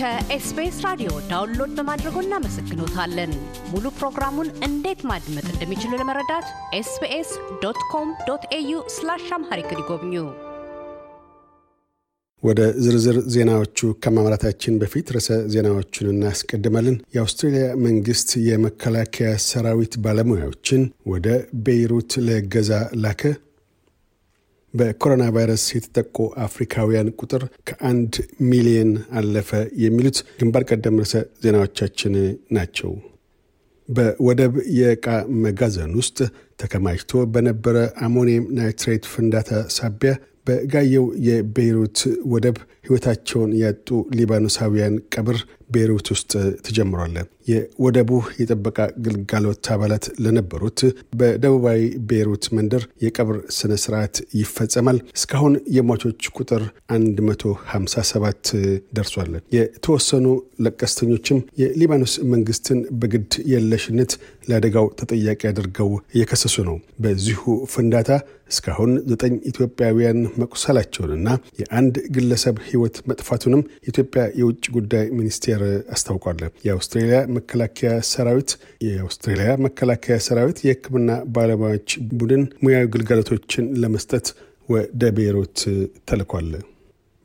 ከኤስቢኤስ ራዲዮ ዳውንሎድ በማድረጎ እናመሰግኖታለን። ሙሉ ፕሮግራሙን እንዴት ማድመጥ እንደሚችሉ ለመረዳት ኤስቢኤስ ዶት ኮም ዶት ኤዩ ስላሽ አምሃሪክ ይጎብኙ። ወደ ዝርዝር ዜናዎቹ ከማምራታችን በፊት ርዕሰ ዜናዎቹን እናስቀድማለን። የአውስትሬልያ መንግስት የመከላከያ ሰራዊት ባለሙያዎችን ወደ ቤይሩት ለገዛ ላከ። በኮሮና ቫይረስ የተጠቁ አፍሪካውያን ቁጥር ከአንድ ሚሊየን አለፈ። የሚሉት ግንባር ቀደም ርዕሰ ዜናዎቻችን ናቸው። በወደብ የዕቃ መጋዘን ውስጥ ተከማችቶ በነበረ አሞኒየም ናይትሬት ፍንዳታ ሳቢያ በጋየው የቤይሩት ወደብ ህይወታቸውን ያጡ ሊባኖሳውያን ቀብር ቤይሩት ውስጥ ተጀምሯል። የወደቡ የጥበቃ ግልጋሎት አባላት ለነበሩት በደቡባዊ ቤይሩት መንደር የቀብር ስነ ስርዓት ይፈጸማል። እስካሁን የሟቾች ቁጥር 157 ደርሷል። የተወሰኑ ለቀስተኞችም የሊባኖስ መንግስትን በግድ የለሽነት ለአደጋው ተጠያቂ አድርገው እየከሰሱ ነው። በዚሁ ፍንዳታ እስካሁን ዘጠኝ ኢትዮጵያውያን መቁሰላቸውንና የአንድ ግለሰብ ህይወት መጥፋቱንም የኢትዮጵያ የውጭ ጉዳይ ሚኒስቴር ሚኒስቴር አስታውቋል። የአውስትሬሊያ መከላከያ ሰራዊት የአውስትሬሊያ መከላከያ ሰራዊት የሕክምና ባለሙያዎች ቡድን ሙያዊ ግልጋሎቶችን ለመስጠት ወደ ቤይሩት ተልኳል።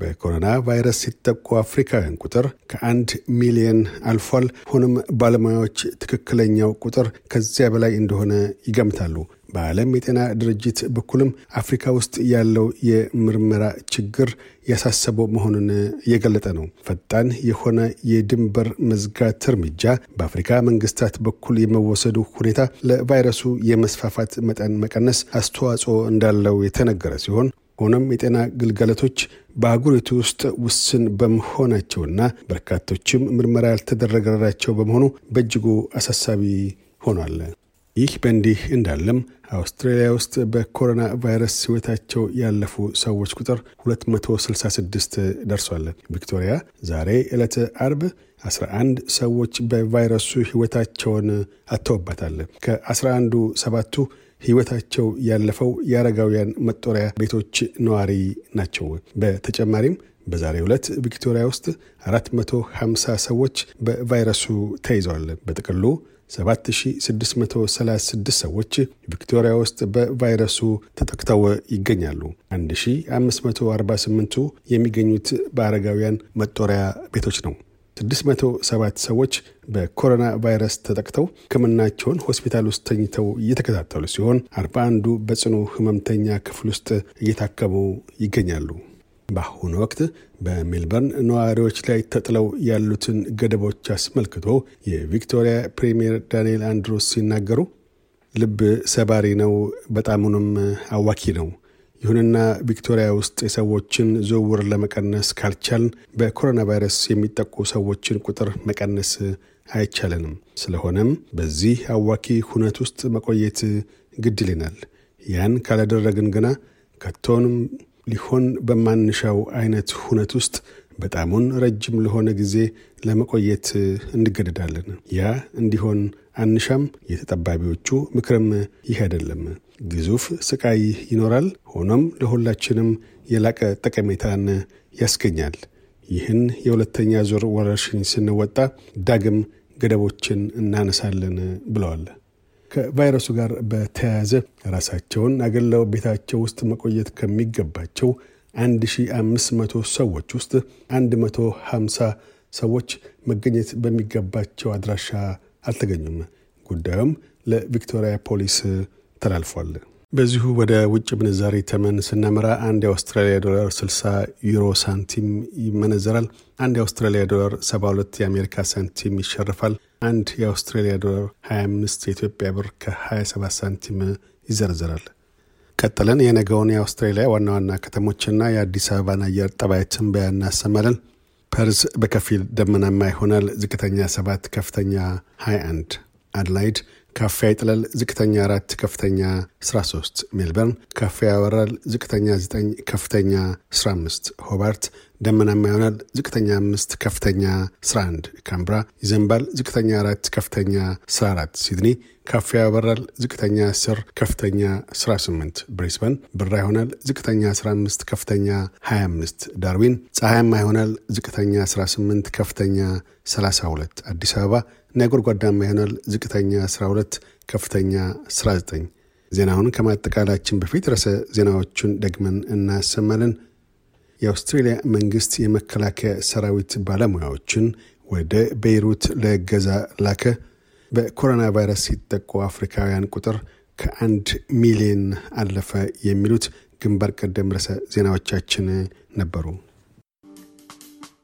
በኮሮና ቫይረስ የተጠቁ አፍሪካውያን ቁጥር ከአንድ ሚሊየን አልፏል። ሆኖም ባለሙያዎች ትክክለኛው ቁጥር ከዚያ በላይ እንደሆነ ይገምታሉ። በዓለም የጤና ድርጅት በኩልም አፍሪካ ውስጥ ያለው የምርመራ ችግር ያሳሰበው መሆኑን እየገለጠ ነው። ፈጣን የሆነ የድንበር መዝጋት እርምጃ በአፍሪካ መንግስታት በኩል የመወሰዱ ሁኔታ ለቫይረሱ የመስፋፋት መጠን መቀነስ አስተዋጽኦ እንዳለው የተነገረ ሲሆን ሆኖም የጤና ግልጋሎቶች በአህጉሪቱ ውስጥ ውስን በመሆናቸውና በርካቶችም ምርመራ ያልተደረገላቸው በመሆኑ በእጅጉ አሳሳቢ ሆኗል። ይህ በእንዲህ እንዳለም አውስትራሊያ ውስጥ በኮሮና ቫይረስ ህይወታቸው ያለፉ ሰዎች ቁጥር 266 ደርሷል። ቪክቶሪያ ዛሬ ዕለት አርብ 11 ሰዎች በቫይረሱ ህይወታቸውን አጥተውባታል። ከ11ዱ ሰባቱ ህይወታቸው ያለፈው የአረጋውያን መጦሪያ ቤቶች ነዋሪ ናቸው። በተጨማሪም በዛሬ ዕለት ቪክቶሪያ ውስጥ 450 ሰዎች በቫይረሱ ተይዘዋል። በጥቅሉ 7636 ሰዎች ቪክቶሪያ ውስጥ በቫይረሱ ተጠቅተው ይገኛሉ። 1548ቱ የሚገኙት በአረጋውያን መጦሪያ ቤቶች ነው። 607 ሰዎች በኮሮና ቫይረስ ተጠቅተው ሕክምናቸውን ሆስፒታል ውስጥ ተኝተው እየተከታተሉ ሲሆን 41ዱ በጽኑ ህመምተኛ ክፍል ውስጥ እየታከሙ ይገኛሉ። በአሁኑ ወቅት በሜልበርን ነዋሪዎች ላይ ተጥለው ያሉትን ገደቦች አስመልክቶ የቪክቶሪያ ፕሪምየር ዳንኤል አንድሮስ ሲናገሩ ልብ ሰባሪ ነው፣ በጣሙንም አዋኪ ነው። ይሁንና ቪክቶሪያ ውስጥ የሰዎችን ዝውውር ለመቀነስ ካልቻልን በኮሮና ቫይረስ የሚጠቁ ሰዎችን ቁጥር መቀነስ አይቻለንም። ስለሆነም በዚህ አዋኪ ሁነት ውስጥ መቆየት ግድልናል ያን ካላደረግን ግና ከቶንም ሊሆን በማንሻው አይነት ሁነት ውስጥ በጣሙን ረጅም ለሆነ ጊዜ ለመቆየት እንገደዳለን። ያ እንዲሆን አንሻም። የተጠባቢዎቹ ምክርም ይህ አይደለም። ግዙፍ ስቃይ ይኖራል። ሆኖም ለሁላችንም የላቀ ጠቀሜታን ያስገኛል። ይህን የሁለተኛ ዙር ወረርሽኝ ስንወጣ ዳግም ገደቦችን እናነሳለን ብለዋል። ከቫይረሱ ጋር በተያያዘ ራሳቸውን አገለው ቤታቸው ውስጥ መቆየት ከሚገባቸው 1500 ሰዎች ውስጥ 150 ሰዎች መገኘት በሚገባቸው አድራሻ አልተገኙም። ጉዳዩም ለቪክቶሪያ ፖሊስ ተላልፏል። በዚሁ ወደ ውጭ ምንዛሪ ተመን ስናመራ አንድ የአውስትራሊያ ዶላር 60 ዩሮ ሳንቲም ይመነዘራል። አንድ የአውስትራሊያ ዶላር 72 የአሜሪካ ሳንቲም ይሸርፋል። አንድ የአውስትራሊያ ዶላር 25 የኢትዮጵያ ብር ከ27 ሳንቲም ይዘረዘራል። ቀጥለን የነገውን የአውስትሬልያ ዋና ዋና ከተሞችና የአዲስ አበባን አየር ጠባይ ትንበያ እናሰማለን። ፐርዝ በከፊል ደመናማ ይሆናል። ዝቅተኛ 7፣ ከፍተኛ 21። አድላይድ ካፌ ይጥለል ዝቅተኛ 4 ከፍተኛ 13 ሜልበርን፣ ካፌ ያወራል ዝቅተኛ 9 ከፍተኛ 15 ሆባርት፣ ደመናማ ይሆናል ዝቅተኛ 5 ከፍተኛ 11 ካምብራ፣ ይዘንባል ዝቅተኛ 4 ከፍተኛ 14 ሲድኒ፣ ካፌ ያበራል ዝቅተኛ 10 ከፍተኛ 18 ብሪስበን፣ ብራ ይሆናል ዝቅተኛ 15 ከፍተኛ 25 ዳርዊን፣ ፀሐያማ ይሆናል ዝቅተኛ 18 ከፍተኛ 32 አዲስ አበባ እና ጎርጓዳማ ይሆናል። ዝቅተኛ 12፣ ከፍተኛ 19። ዜናውን ከማጠቃላችን በፊት ርዕሰ ዜናዎቹን ደግመን እናሰማለን። የአውስትሬልያ መንግሥት የመከላከያ ሰራዊት ባለሙያዎችን ወደ ቤይሩት ለገዛ ላከ። በኮሮና ቫይረስ ሲጠቁ አፍሪካውያን ቁጥር ከአንድ ሚሊዮን አለፈ። የሚሉት ግንባር ቀደም ርዕሰ ዜናዎቻችን ነበሩ።